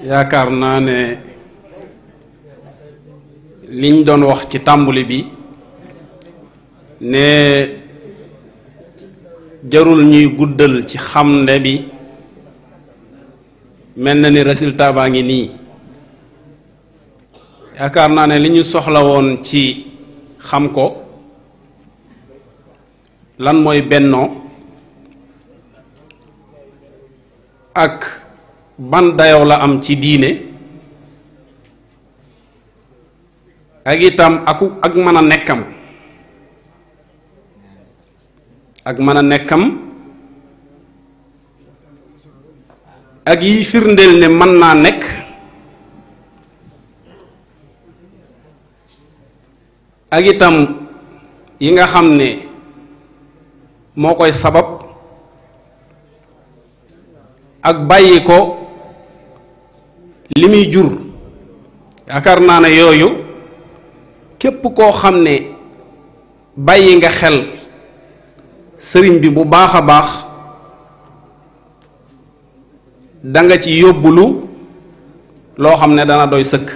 yaakaar naa ne liñ doon wax ci tàmbali bi ne jarul ñuy guddal ci xam ne bi mel na ni résultat baa ngi nii yaakaar naa ne li ñu soxla woon ci xam ko lan mooy bennoo ak ban dayow la am ci diine ak itam aku ak mën a nekkam ak mën a nekkam ak yi firndeel ne mën naa nekk ak itam yi nga xam ne moo koy sabab ak bàyyi ko li muy jur yaakaar naa ne yooyu képp koo xam ne bàyyi nga xel sëriñ bi bu baax a baax danga ci yóbbulu loo xam ne dana doy sëkk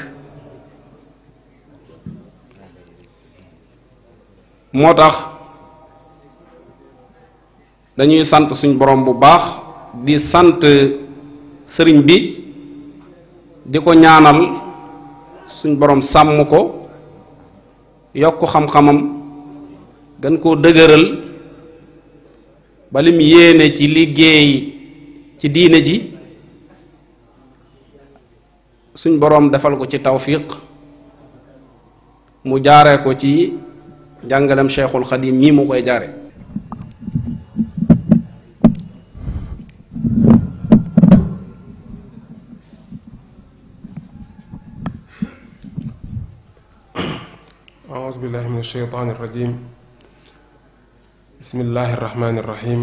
moo tax dañuy sant suñ borom bu baax di sant sëriñ bi di ko ñaanal suñ borom sàmm ko yokk xam-xamam gën koo dëgëral ba lim yéene ci liggéey ci diine ji suñ boroom defal ko ci tawfiq mu jaare ko ci njàngalem cheikhul xadim mii mu koy jaare الشيطان الرجيم بسم الله الرحمن الرحيم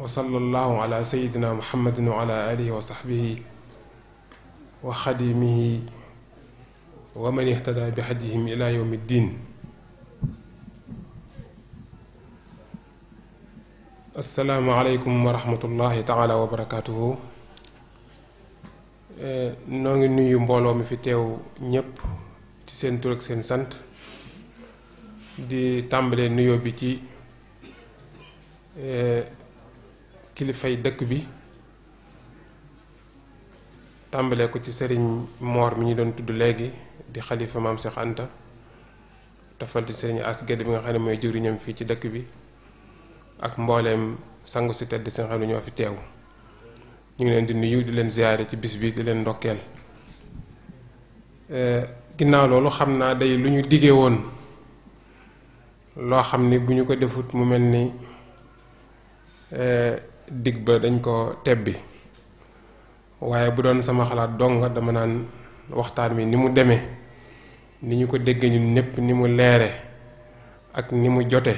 وصلى الله على سيدنا محمد وعلى آله وصحبه وخديمه ومن اهتدى بحدهم إلى يوم الدين السلام عليكم ورحمة الله تعالى وبركاته noo ngi nuyu mbooloo mi fi teew ñépp ci seen tur ak seen sant di tàmbalee nuyoo bi ci eh, kilifay dëkk bi tàmbalee ko ci sëriñ moor mi ñu doon tudd léegi di xalifa maam Cheikh Anta tofal di sëriñ as gedd bi nga xam ne mooy jëwriñam fii ci dëkk bi ak mbooleem sangu si tedd si nga xam ne ñoo fi teew ñu ngi leen di nuyu di leen ziyaare ci bis bi di leen ndokkeel eh, ginnaaw loolu xam naa day lu ñu diggee woon loo xam ni bu ñu ko defut mu mel ni eh, digg ba dañ ko tebbi waaye bu doon sama xalaat dong dama naan waxtaan wi ni mu demee ni ñu ko dégg ñun ñépp ni mu leere ak ni mu jote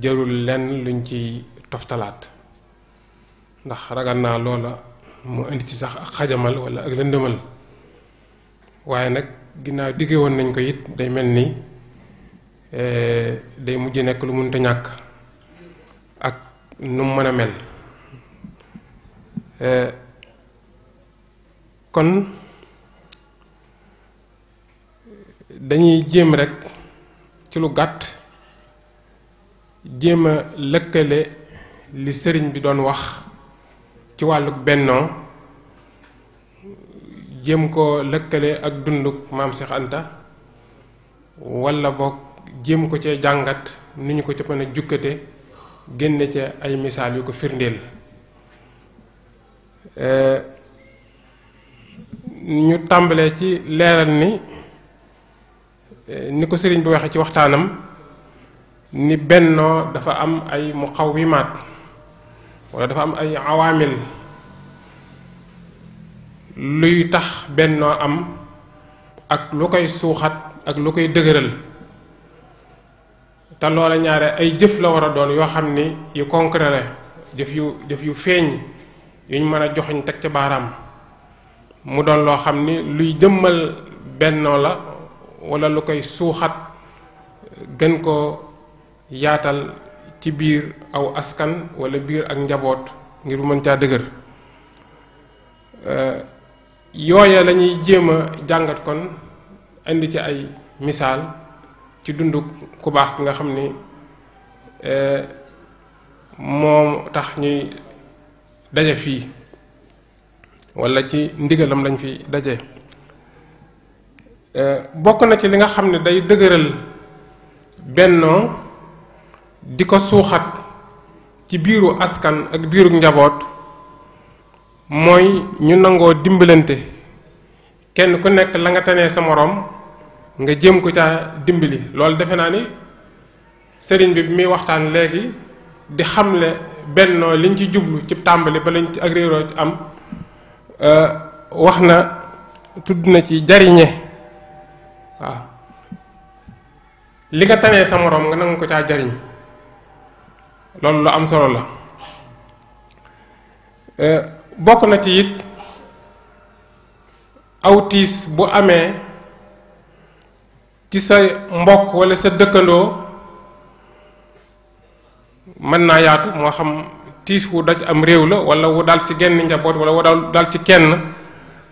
jërul lenn luñ ci toftalaat ndax ragal naa loola mu indi ci sax ak xajamal wala ak lëndëmal waaye nag ginnaaw digge woon nañ ko it day mel nii Eh, day mujj nekk lu mënta ñàkk ak nu mën a mel eh, kon dañuy jéem rekk ci lu gàtt jéem a lëkkale li sëriñ bi doon wax ci wàllu bennoo jéem ko lëkkale ak dunduk maam Cheikh Anta walla bokk jéem ko cee jàngat nu ñu ko ca mën a jukkate génne ca ay misaal yu ko firndeel eh, ñu tàmbalee ci leeral ni eh, ni ko sëriñ bu weexee ci waxtaanam ni bennoo dafa am ay xaw muqawimaat walla dafa am ay awaamil luy tax bennoo am ak lu koy suuxat ak lu koy dëgëral te loola ñaare ay jëf la war a doon yoo xam ni yu concret la jëf yu jëf yu feeñ yuñ mën a joxuñ teg ca baaraam mu doon loo xam ni luy jëmmal bennoo la walla lu koy suuxat gën ko yaatal ci biir aw askan wala biir ak njaboot ngir mën caa dëgër yooya lañuy jéem a jàngat kon indi ci ay misaal ci dundu ku baax ki nga xam ni eh, moom tax ñuy daje fii wala ci ndigalam lañ fi daje eh, bokk na ci li nga xam ne day dëgëral bennoo di ko suuxat ci biiru askan ak biiru njaboot mooy ñu nangoo dimbalante kenn ku nekk la nga tenee sa moroom nga jëm ko ca dimbali loolu defe naa ni sëriñ bi bi muy waxtaan léegi di xamle bennoo liñ ci jublu ci tàmbali ba lañ ci ak réeroo ci am euh, wax na tudd na ci jariñe waaw li nga tanee sa moroom nga nangu ko caa jariñ loolu lu am solo la euh, bokk na ci it aw tiis bu amee ci sa mbokk wala sa dëkkandoo mën naa yaatu moo xam tiis wu daj am réew la wala wu dal ci genn njaboot wala wu dal ci kenn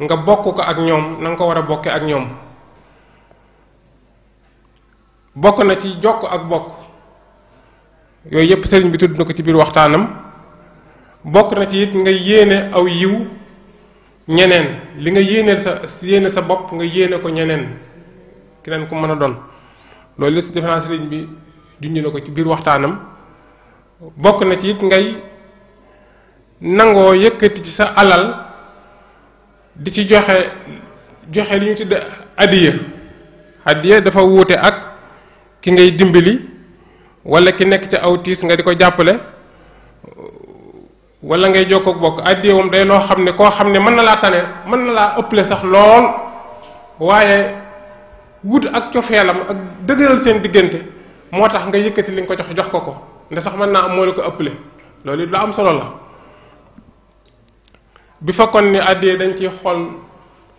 nga bokk ko ak ñoom na ko war a bokke ak ñoom bokk na ci jokk ak bokk yooyu yépp sëriñ bi tudd na ko ci biir waxtaanam bokk na ci it nga yéene aw yiw ñeneen li nga yéeneel sa yéene sa bopp nga yéene ko ñeneen keneen ku mën a doon loolu la si différence sëriñ bi junj na ko ci biir waxtaanam bokk na ci it ngay nangoo yëkkati ci sa alal di ci joxe joxe li ñu tudd addiya addiya dafa wuute ak ki ngay dimbali wala ki nekk ci aw tiis nga di ko jàppale wala ngay jokk ak bokk addiya moom day loo xam ne koo xam ne mën na laa tane mën na laa ëpple sax lool waaye wut ak cofeelam ak dëgëral seen diggante moo tax nga yëkkati li nga ko jox jox ko ko ndax sax mën naa am moo la ko ëppale loolu it lu am solo la bi fekkoon ni àddee dañ ciy xool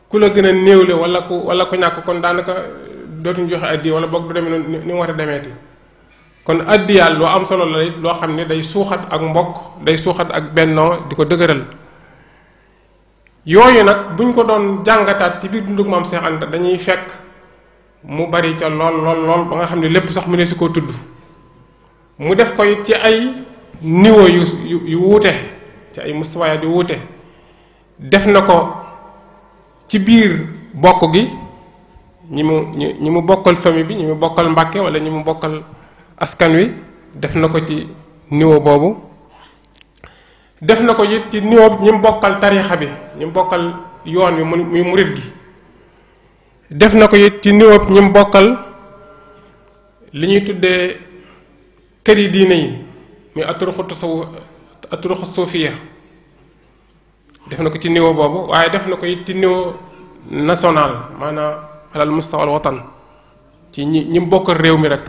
ku la gën a néewle wala ku wala ku ñàkk kon daanaka dootuñ joxe àddee wala boog du demee noonu ni mu war a demeeti kon àddiyaal loo am solo la it loo xam ne day suuxat ak mbokk day suuxat ak bennoo di ko dëgëral yooyu nag buñ ko doon jàngataat ci biir dundug maam Seex Anta dañuy fekk mu bari ca lool lool lool ba nga xam ne lépp sax mu ne su koo tudd mu def ko it ci ay niveau yu yu wuute ci ay mustawayaat yu wuute def na ko ci biir bokk gi ñi mu ñi mu bokkal famille bi ñi mu bokkal mbàkke wala ñi mu bokkal askan wi def na ko ci niveau boobu def na ko it ci niveau ñi mu bokkal tariixa bi ñi mu bokkal yoon wi muy murit gi def na ko yit ci niwab ñi bokkal li ñuy tuddee kër yi diine yi muy aturuxu tasawu aturuxu suufiya def na ko ci niveau boobu waaye def na ko it ci niveau national maanaam alal mustawal watan ci ñi ñi mu bokkal réew mi rek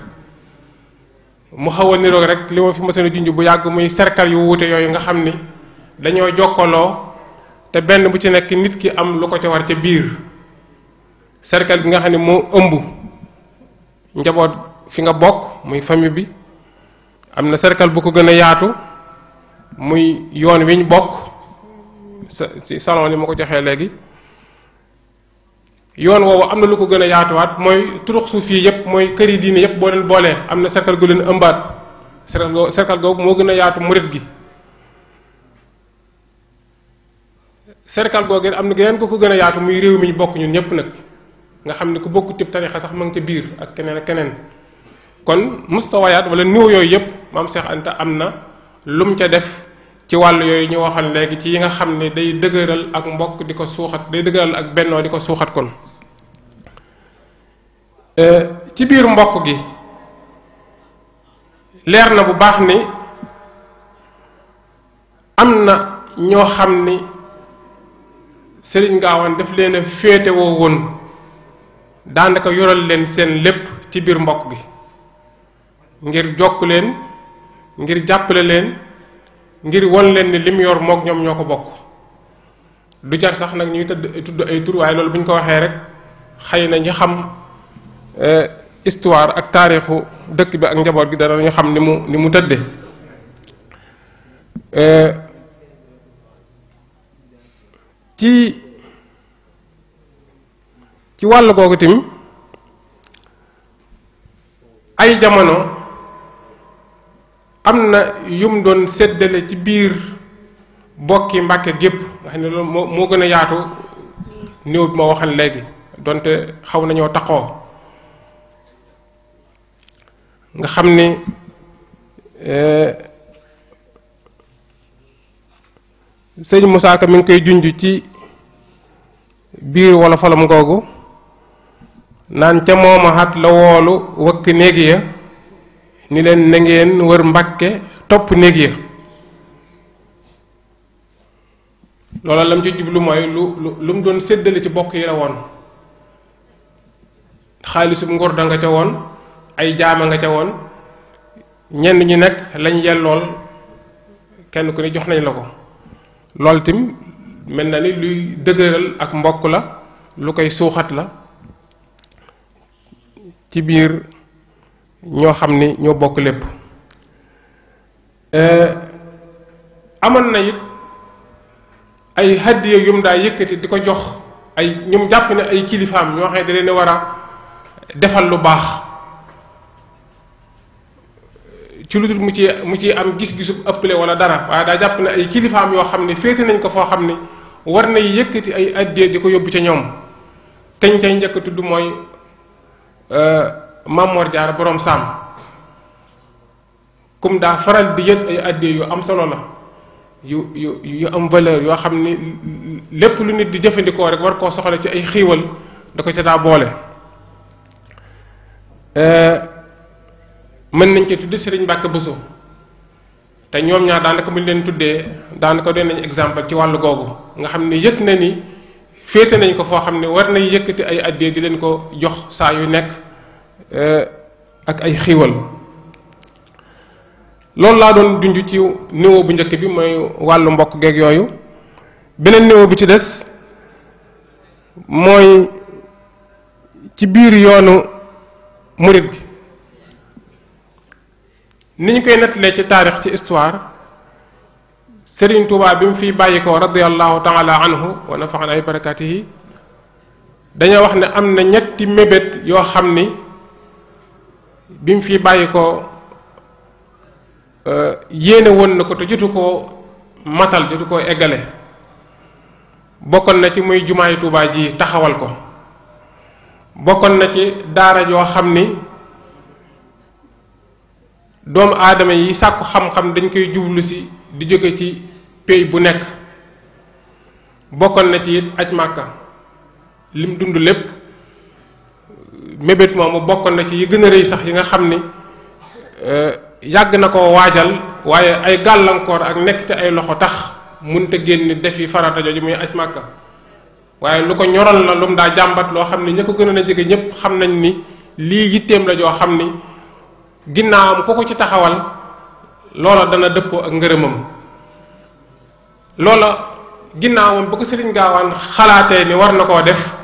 mu xaw a niroog rek li ma fi mësana junj bu yàgg muy cercle yu wuute yooyu nga xam ni dañoo jokkaloo te benn bu ci nekk nit ki am lu ko ca war ca biir cercle bi nga xam ne moo ëmb njaboot fi nga bokk muy famille bi am na cercle bu ko gën a yaatu muy yoon wi ñu bokk sa ci salon ma ko joxee léegi yoon woowu am na lu ko gën a yaatuwaat mooy turux suuf yi yëpp mooy kër yi diine yëpp boo leen boolee am na cercle gu leen ëmbaat cercle go cercle googu moo gën a yaatu murit gi cercle googu am na yeneen ko ko gën a yaatu muy réew mi ñu bokk ñun ñëpp nag. nga xam ne ku bokk tib tarixa sax ma ngi ca biir ak keneen ak keneen kon mustawayaat wala niveau yooyu yëpp maam Cheikh Anta am na lum ca def ci wàll yooyu ñu waxal léegi ci yi nga xam ne day dëgëral ak mbokk di ko suuxat day dëgëral ak bennoo di ko suuxat kon euh, ci biir mbokk gi leer na bu baax ni am na ñoo xam ni sëriñ Gaawaan daf leen féetewoo woon daanaka yoral leen seen lépp ci biir mbokk gi ngir jokk leen ngir jàppale leen ngir won leen ni lim yor moog ñoom ñoo ko bokk du jar sax nag ñuy tëdd tudd ay tur waaye loolu bu ñu ko waxee rek xëy na ñu xam euh, histoire ak taarixu dëkk bi ak njaboot gi dana ñu xam ni mu ni mu tëdde euh, ci ci wàll googu tamit ay jamono am na yum doon séddale ci biir bokki mbàkke gépp nga xam ne loolu moo moo gën a yaatu néew bi ma waxal léegi donte xaw nañoo taxaw nga xam ni eh, sëñ musaaka mi ngi koy junj ci biir wolofalam googu naan ca mooma xat la woolu wëkk néeg ya ni leen nangeen ngeen wër mbàkke topp néeg ya loola lam ci jublu mooy lu lu mu doon séddale ci bokk yi la woon xaalisub nguur danga ca woon ay jaama nga ca woon ñenn ñi nekk lañ yellool kenn ku ne jox nañ la ko lool tim mel na ni luy dëgëral ak mbokk la lu koy suuxat la ci biir ñoo xam ni ñoo bokk lépp euh, amoon na it ay hadiya yum daa yëkkati di ko jox ay ñum jàpp ne ay kilifaam ñoo xam ne da leen war a defal lu baax ci lu dul mu ci mu ci am gis-gisu ëpple wala dara waaye daa jàpp ne ay kilifaam yoo xam ne féete nañ ko foo xam ne war na yëkkati ay hadiya di ko yóbbu ca ñoom kañ ca njëkk tudd mooy Euh, Mamor jaar boroom saam kum daa faral di yët ay addiya yu am solo la yu yu yu am valeur yoo xam ni lépp lu nit di jëfandikoo rek war koo soxla ci ay xiiwal da ko ca daa boole. Euh, mën nañ ko tudd Serigne Mbacke Bousso te ñoom ñaar daanaka bu ñu leen tuddee daanaka doon nañu exemple ci wàll googu nga xam ne yëg na ni. féete nañ ko foo xam ne war nay yëkkati ay addee di leen ko jox saa yu nekk eh, ak ay xiiwal loolu laa doon dund ci néew bu njëkk bi mooy wàllu mbokk geeg yooyu beneen néew bi ci des mooy ci biir yoonu murit gi ni ñu koy nettalee ci taarix ci histoire sëriñ Touba bi mu fi bàyyi ko radiyallahu taala anhu wa nafaxan ay barakatihi dañoo wax ne am na ñetti mébét yoo xam ni bi mu fi bàyyi ko euh, yéene woon na ko te jotu koo matal jotu ko eggale bokkoon na ci muy jumaay Touba ji taxawal ko bokkoon na ci daara joo xam ni doomu aadama yi sàkku xam-xam dañ koy jublu si di jóge ci pays bu nekk bokkoon na ci it aj màkka lim dund lépp mébét moomu bokkoon na ci yi gën a rëy sax yi nga xam ni euh, yàgg na ko waajal waaye ay gàllankoor ak nekk ci ay loxo tax mënut a génn def yi farata jooju muy aj màkka waaye lu ko ñoral la lu daa jàmbat loo xam ni ña ko gën a jóge ñëpp xam nañ ni lii yitteem la joo xam ni ginnaawam ku ko ci taxawal. loola dana dëppoo ak ngërëmam loola ginnaawam ba ko sëriñ gaawaan xalaatee ni war na koo def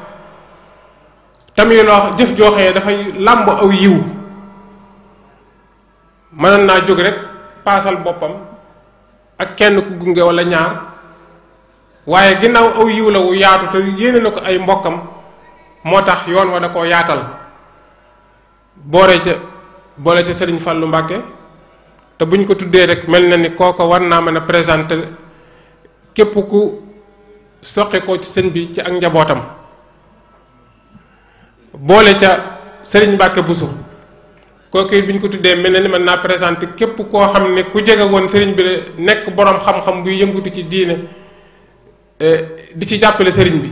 tamit loo jëf jooxee dafay làmb aw yiw mënoon naa jóg rek paasal boppam ak kenn ku gunge walla ñaar waaye ginnaaw aw yiw la wu yaatu te yéene na ko ay mbokkam moo tax yoon wa da koo yaatal boore ca boole ca sëriñ Fàllu Mbàkke te ñu ko tuddee rek mel na ni kooko war naa mën a présenter képp ku soqe ko ci sëñ bi ci ak njabootam boole ca sëriñ Mbàkke Buso kooku it bi ñu ko tuddee mel na ni mën naa présenter képp koo xam ne ku jege woon sëriñ bi nekk boroom xam-xam buy yëngutu ci diine eh, di ci jàppale sëriñ bi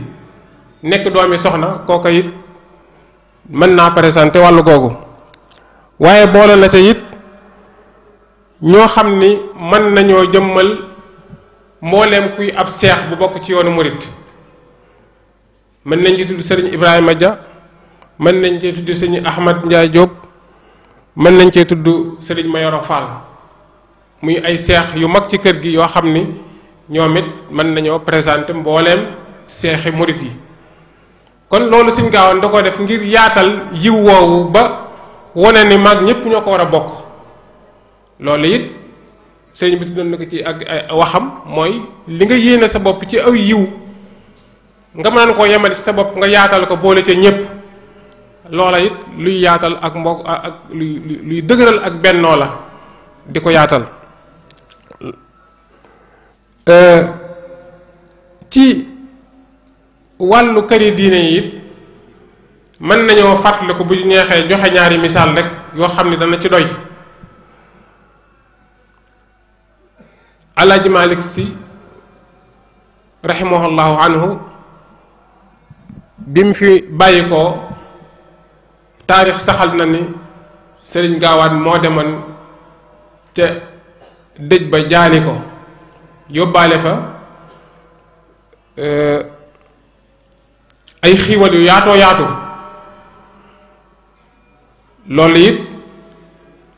nekk doomi soxna kooku it mën naa présenter wàll googu waaye boole na ca it ñoo xam ni mën nañoo jëmmal mbooleem kuy ab seex bu bokk ci yoonu murit mën nañ ci tudd sëriñ Ibrahima ja mën nañ cee tudd sëriñ Ahmad Ndiaye mën nañ cee tudd sëriñ Mayoro Fall muy ay seex yu mag ci kër gi yoo xam ni ñoom it mën nañoo présenter mbooleem seexi murit yi kon loolu suñ gaawoon da def ngir yaatal yiw woowu ba wane ni mag ñëpp ñoo ko war a bokk loolu it sëriñ bi tuddoon na ko ci ak waxam mooy li nga yéene sa bopp ci aw yiw nga mënoon koo ci sa bopp nga yaatal ko boole ca ñépp loola it luy yaatal ak mbokk ak luy luy dëgëral ak bennoo la di ko yaatal euh, ci wàllu këri diine yi it mën nañoo fàttaliku bu ñeexee neexee joxe ñaari misaal rek yoo xam ne dana ci doy alaaji Malik si raximahullahu anhu bi mu fi bàyyi ko taarix saxal na ni sëriñ gaawaan moo demoon ca dëj ba jaali ko yóbbaale fa e, ay xiiwal yu yaatoo yaatu loolu it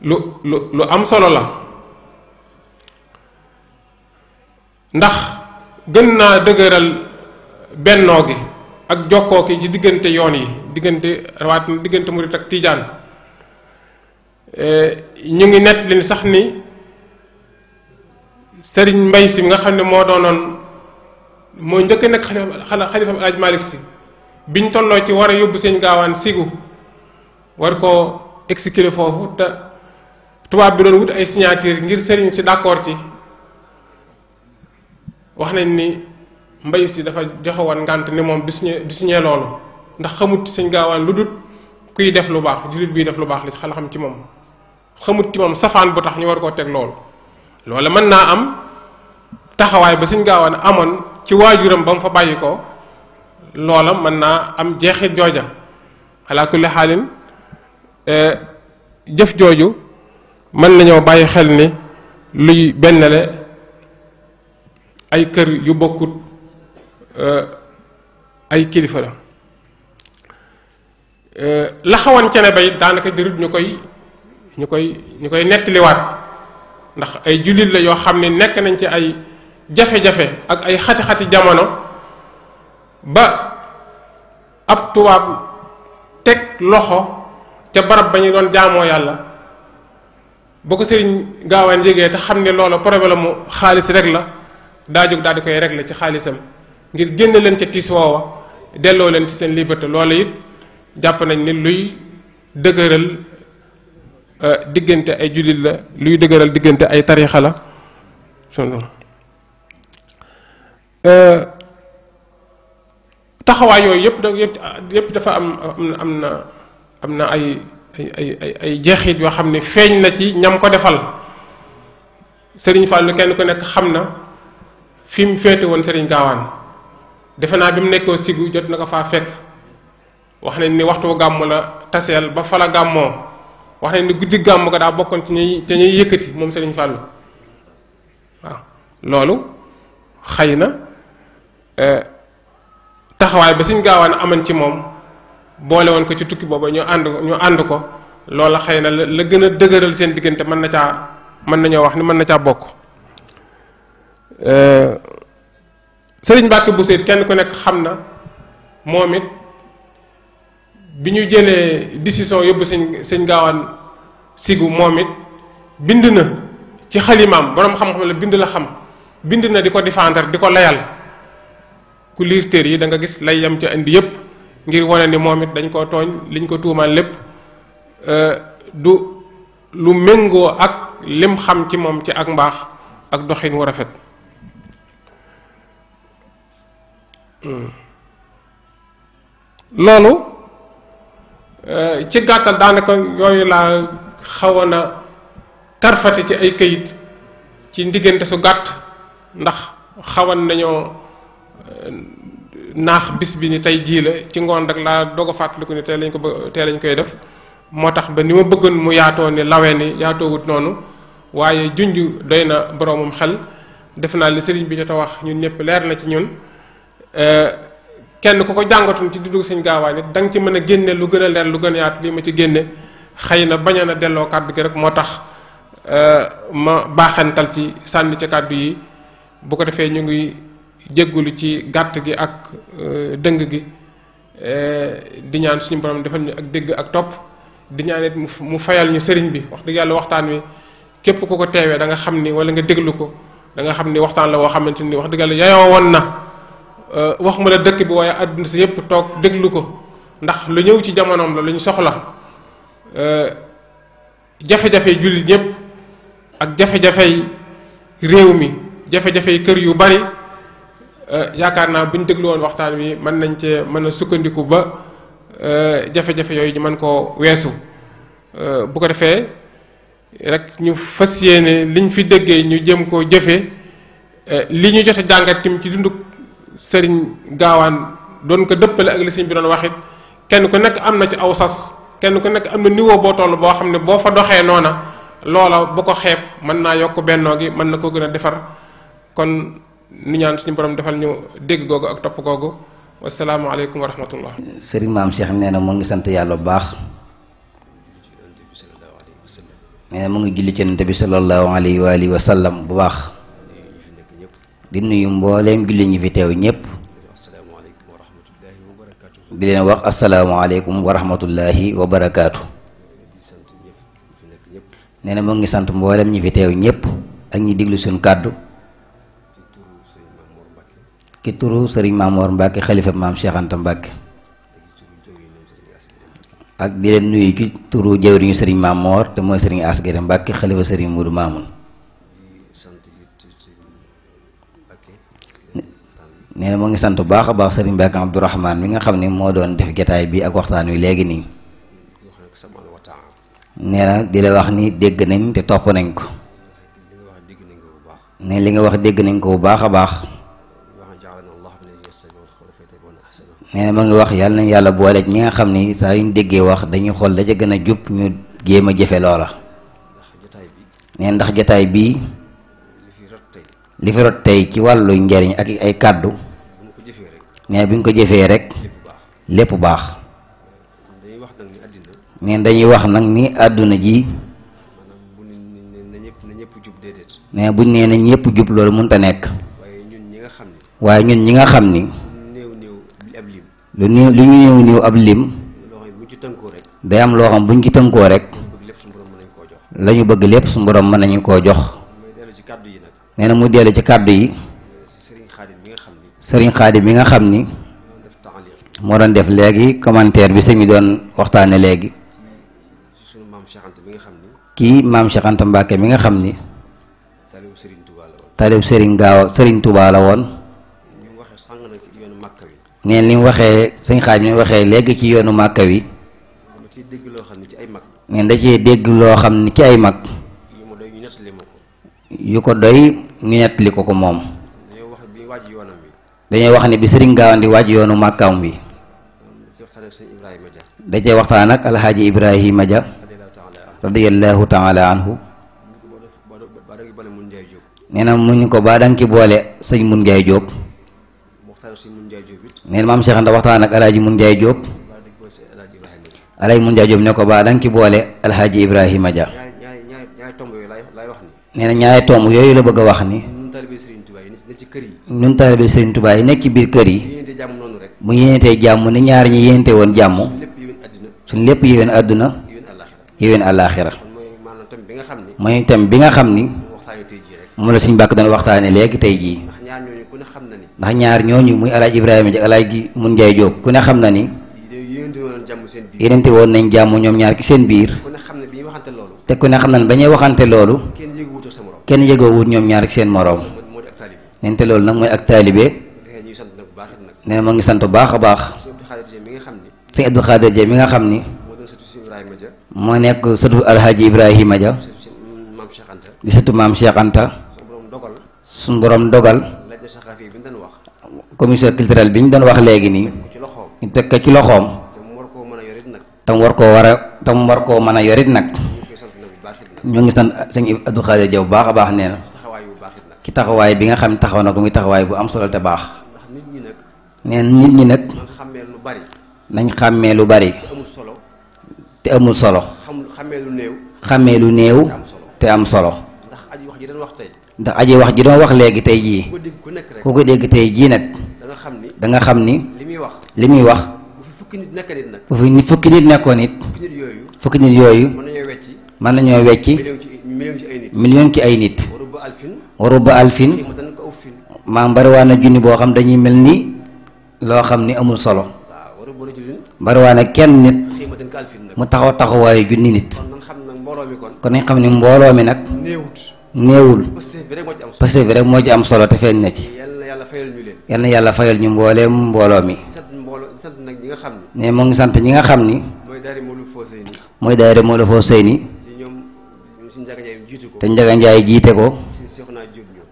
lu lu lu am solo la ndax gën naa dëgëral bennoo gi ak jokkoo gi ci diggante yoon yi diggante rawatina diggante murit ak tiijaan e, ñu ngi nett leen sax ni sëriñ mbay si nga xam ne moo doonoon moo njëkk nag xalifa alaaj malik si biñ tolloo ci war a yóbbu seen gaawaan sigu war koo exécuter foofu te tubaab bi doon wut ay signature ngir sëriñ si d'accord ci wax nañ ni mbay si dafa joxewoon ngànt ni moom du signé du signé loolu ndax xamut sëñ gaawaan lu dut kuy def lu baax jullit biy def lu baax la xala xam ci moom xamut ci moom safaan bu tax ñu war koo teg loolu mën naa am taxawaay ba sëñ gaawaan amoon ci waajuram ba mu fa bàyyi ko loola mën naa am jeexit jooja ala kulli xaalin eh, jëf jooju mën nañoo bàyyi xel ni luy bennale ay kër yu bokkut euh, ay kilifa la euh, la xawoon cene bay daanaka dirut ñu koy ñu koy ñu koy nettaliwaat ndax ay jullit la yoo xam ne nekk nañ ci ay jafe-jafe ak ay xati-xati jamono ba ab tubaab teg loxo ca barab ba ñu doon jaamoo yàlla boo ko sëriñ gaawaan yégee te xam ne loola problème mu xaalis rek la daa jóg daal di koy régler ci xaalisam ngir génne leen ca tiis woowa delloo leen ci seen liberté loola it jàpp nañ ni luy dëgëral euh, diggante ay jullit la luy dëgëral diggante ay tariixa la euh, taxawaay yooyu yëpp da yëpp dafa am am na am na ay ay ay ay jeexit yoo xam ne feeñ na ci ñam ko defal Sëriñ Fallu kenn ku nekk xam na fi mu féete woon Serigne Gaawaan defe naa bi mu nekkoo sigu jot na ko faa fekk wax nañ ni waxtu gàmm la taseel ba fala gàmmoo wax nañ ni guddi gàmm ko daa bokkoon ci ñuy ci ñuy moom Serigne Fallou waaw loolu xëy na euh, taxawaay ba Serigne Gaawaan aman ci moom boole woon ko ci tukki booba ñu ànd ñu ànd ko loola xëy na la gën a dëgëral seen diggante mën na caa mën nañoo wax ni mën na caa bokk Euh, sëriñ Mbàkke Bousso it kenn ku nekk xam na moom it bi ñu jëlee décision yóbbu sëñ sëñ gaawaan sigu moom it bind na ci xalimaam boroom xam-xam la bind la xam bind na di ko défendre di ko layal ku liir téer yi da nga gis lay yam ci indi yépp ngir wane ni moom it dañ koo tooñ liñ ko tuumaan lépp euh, du lu méngoo ak lim xam ci moom ci ak mbaax ak doxin wu rafet loolu euh, ci gàttal daanaka yooyu laa xawoon a tarfate ci ay kayit ci ndiggante su gàtt ndax xawoon nañoo euh, naax bis bi ni tey jii la ci ngoon rek laa doog a fàttaliku ni tey lañ ko bë tey lañ koy def moo tax ba ni ma bëggoon mu yaatoo ni lawe ni yaatoowut noonu waaye junj doy na boroomum xel def naa li sëriñ bi jot a wax ñu ñëpp leer la ci ñun Eh, kenn ku ko jàngatul ci dudug sëñ gaawaan it da nga ci mën a génne lu gën a leer lu gën a yaatu lii ma ci génne xëy na bañ a na delloo kàddu gi rek moo tax eh, ma baaxantal ci sànni ci kàddu yi bu ko defee ñu ngi jéggulu ci gàtt gi ak eh, dëng gi di ñaan suñu borom defal ñu ak dégg ak topp di ñaan it mu fayal ñu sëriñ bi wax dëgg yàlla waxtaan wi képp ku ko teewee danga xam ni wala nga déglu ko da nga xam ni waxtaan la woo xamante ni wax dëgg yàlla yayoo na Euh, waxuma la dëkk bi waaye àdduna si yépp toog déglu ko ndax lu ñëw ci jamonoom la lu ñu soxla euh, jafe-jafey jullit ñépp ak jafe-jafey réew mi jafe yi kër yu bari euh, yaakaar naa bu ñu déglu woon waxtaan wi mën nañ cee mën a sukkandiku ba jafe-jafe yooyu ñu mën koo weesu bu ko defee rek ñu fas yéene liñ fi déggee ñu jëm koo jëfe li ñu jot a ci dundu sëriñ gaawaan doon ko dëppale ak li bi doon waxit kenn ku nekk am na ci aw sas kenn ku nekk am na niwoo boo toll boo xam ne boo fa doxee noona loola bu ko xeeb mën naa yokk bennoo gi mën na koo gën a defar kon nu ñaan suñu borom defal ñu dégg googu ak topp googu wasalaamaaleykum wa rahmatullah sëriñ maam Cheikh nee na mu ngi sant yàlla bu baax nee mu ngi julli ci Yonent bi sallallahu alayhi wa alihi wa sallam bu baax di nuyu mbooleem julli ñi fi teew ñëpp di leen wax asalaamaaleykum wa rahmatullahi wa barakaatu moo ngi sant mbooleem ñi fi teew ñëpp ak ñi diglu suñ kàddu ki turu sëriñ Maamoor Mbàkke xalifa maam Cheikh Anta Mbàkke ak di leen nuyu ki turu jëwriñu sëriñ Maamoor te mooy sëriñ Asgere Mbàkke xalifa sëriñ Mudu Maamun nee na moo ngi sant baax a baax sëriñ Mbacke Abdourahmane mi nga xam ne moo doon def jataay bi ak waxtaan wi léegi nii nee na di la wax ni dégg nañ te topp nañ ko ne li nga wax dégg nañ ko bu baax a baax nee na ma ngi wax yàlla nañ yàlla boole ñi nga xam ni saa yuñ déggee wax dañuy xool da ca gën a jub ñu jéem a jëfe loola nee ndax jataay bii li fi rot tey ci wàllu njariñ ak ay kàddu nee bi nga ko jëfee rek lépp baax neen dañuy wax nag ni àdduna ji nee buñ nee na ñëpp jub loolu mënut a nekk waaye ñun ñi nga xam ni lu néew lu ñu néew néew ab lim day am loo xam buñ ci tënkoo rek la ñu bëgg lépp su borom mën nañu koo jox nee na mu dellu ci kàddu yi sëriñ xaadim mi nga xam ni moo doon def léegi commentaire bi sëñ bi doon waxtaane léegi kii maam Cheikh Anta Mbacke nga xam ni taalib sëriñ gaaw sëriñ Touba la woon neen li mu waxee sëñ xaadim ni mu waxee léegi ci yoonu màkka wi neen da cee dégg loo xam ni ci ay mag yu ko doy ñu nettali ko ko moom dañuy wax ne bi sëriñ Gaawaan waaj yoonu màkkaam bi da cee waxtaan ak alxaaji Ibrahima Dia radiyallahu taala anhu nee na mu ñu ko baa danga ki boole sëñ Mun Njaay Jóob nee na maam Cheikh Anta waxtaan ak alxaaji Mun Njaay Jóob alxaaji Mun Njaay Jóob ne ko baa danga ki boole alxaaji Ibrahima Dia nee na ñaari tomb yooyu la bëgg a wax ni ci kër yi. ñun taalibe Serigne Touba yi nekk ci biir kër yi. mu yéenatee jàmm ni ñaar ñi yéente woon jàmm. suñ lépp yéwén àdduna. yéwén àllaaxira. mooy bi nga xam ni. moom la suñu bàkk doon waxtaanee léegi tey jii. ndax ñaar ñooñu muy El Hadj Ibrahima ji El Hadj Mun Njaay Jóob ku ne xam na ni. yéenante woon nañ jàmm ñoom ñaar ki seen biir. te ku ne xam na ni ba ñuy waxante loolu. kenn yëgoowut ñoom ñaar ki seen moroom. neen loolu nag mooy ak taalibe nee ma ngi sant bu baax a baax sëñ Abdou Khadir Dieng mi nga xam ni moo nekk sëtu Alhaji Ibrahima Dia di sëtu maam Cheikh Anta suñu borom dogal commission culturelle bi ñu doon wax léegi nii ñu teg ko ci loxoom tam war koo war a tam war koo mën a yorit nag ñoo ngi sant sëñ Abdou Khadir Dieng bu baax a baax nee na. ci taxawaay bi nga xam ne taxaw na ko muy taxawaay bu am solo te baax. neen nit ñi nag. nañ xàmmee lu bari. te amul solo. xàmmee lu néew. te am solo. ndax aji wax ji doon wax tey. ndax aji wax ji doon wax léegi tey jii. ku ko dégg tey jii nag. da nga xam ni. li muy wax li muy wax. bu fi fukki nit nekkoon it. fukki nit yooyu. mën nañoo wecci. million ci ay nit. wa rubba alfin maa bariwaan a junni boo xam dañuy mel ni loo xam ni amul solo bariwaan a kenn nit mu taxaw taxawaayu junni nit kon nañ xam ni mbooloo mi nag néewul parce que rek moo ci am solo te feeñ na ci yal na yàlla fayal ñu mbooleem mbooloo mi ne moo ngi sant ñi nga xam ni mooy moo daayira Mawla Fawzayni te Njaga Njaay jiite ko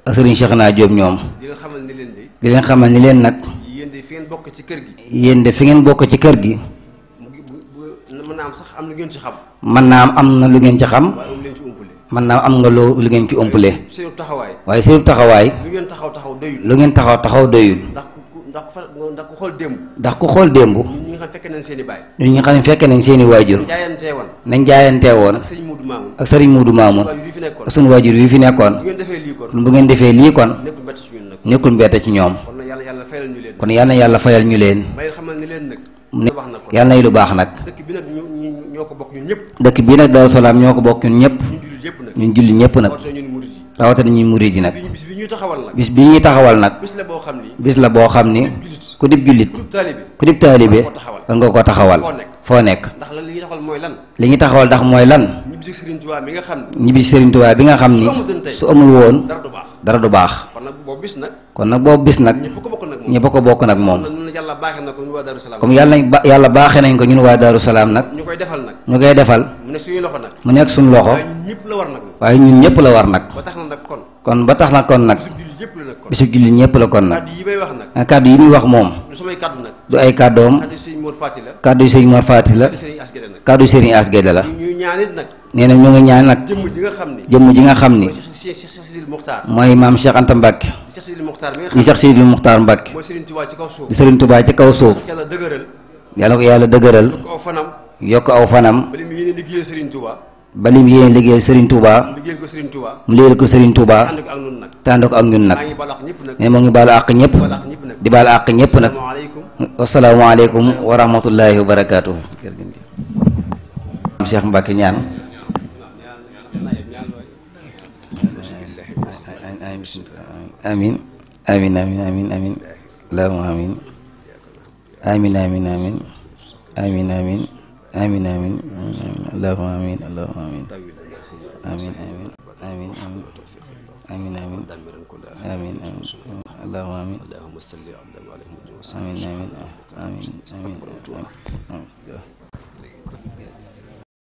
ak sëriñ naa Diop ñoom. di leen xamal ni leen di leen xamal ni leen nag. yéen de fi ngeen bokk ci kër gi. yéen fi ngeen bokk ci kër gi. mën naa am sax am lu ngeen ci xam. mën naa am am na lu ngeen ci xam. mën naa am nga loo lu ngeen ci ëmpale. seen taxawaay waaye seen taxawaay. lu ngeen taxaw taxaw doyul. lu ngeen taxaw taxaw doyul. ndax ku ndax fa ndax ku xool démb. ndax ku xool démb. ñun ñi nga xam ne fekke nañ seen nañ seen i waajur. nañ jaayantee woon. ak sëriñ Muudu Maamun ak sunu waajur wi fi nekkoon kon bu ngeen defee lii kon nekkul mbette ci ñoom kon yal na yàlla fayal ñu leen yal na lu baax nag dëkk bi nag Daaru Salaam ñoo ko bokk ñun ñëpp ñun julli ñëpp nag rawatina ñuy murid yi nag bis bi ñuy taxawal nag bis la boo xam ni ku dib jullit ku dib taalibe war nga taxawal foo nekk li ñuy taxawal ndax mooy lan ñibbi Serigne Touba bi nga xam ni. ñibbi Serigne Touba bi nga xam ni su amul woon dara du baax. kon nag boo bis nag. kon nag boobu bis ko bokk nag moom ñëpp ko bokk nag moom. na ko ñun waa Darou Salaam. comme yàlla nañ ba yàlla baaxee nañ ko ñun waa Darou Salaam nag. ñu koy defal nag. ñu koy defal. mu nekk suñu loxo nag. mu nekk suñu loxo. waaye ñun ñëpp la war nag. waaye ñëpp la war nag. ba tax na nag kon. kon ba tax na kon nag. bisu julli ñëpp la kon nag. kàddu yi wax nag. Ah, kàddu yi muy wax moom. du samay kàddu nag. du ay kàddoom. kàddu yi sëñ Mor Fati la. kàddu yi sëñ Mor Fati la. kàddu yi sëñ Asgede la. nee na ñu ngi ñaan nag jëmm ji nga xam ni jëmm ji nga xam ni mooy maam Cheikh Anta Mbacke di Cheikh Sidil Muxtaar Mbacke di Serigne Touba ci kaw suuf yàlla ko yàlla dëgëral yokk aw fanam ba lim liggéey Serigne Touba mu liggéeyal ko Serigne Touba tànd ko ak ñun nag ne moo ngi baalu àq ñëpp di baalu àq ñëpp nag wasalaamaaleykum wa rahmatullahi wa barakaatu. maam Cheikh Mbacke ñaan. amin amin amin amin amin allahumma amin amin amin amin amin amin amin amin allahumma amin allahumma amin amin amin amin amin amin amin allahumma amin amin amin amin amin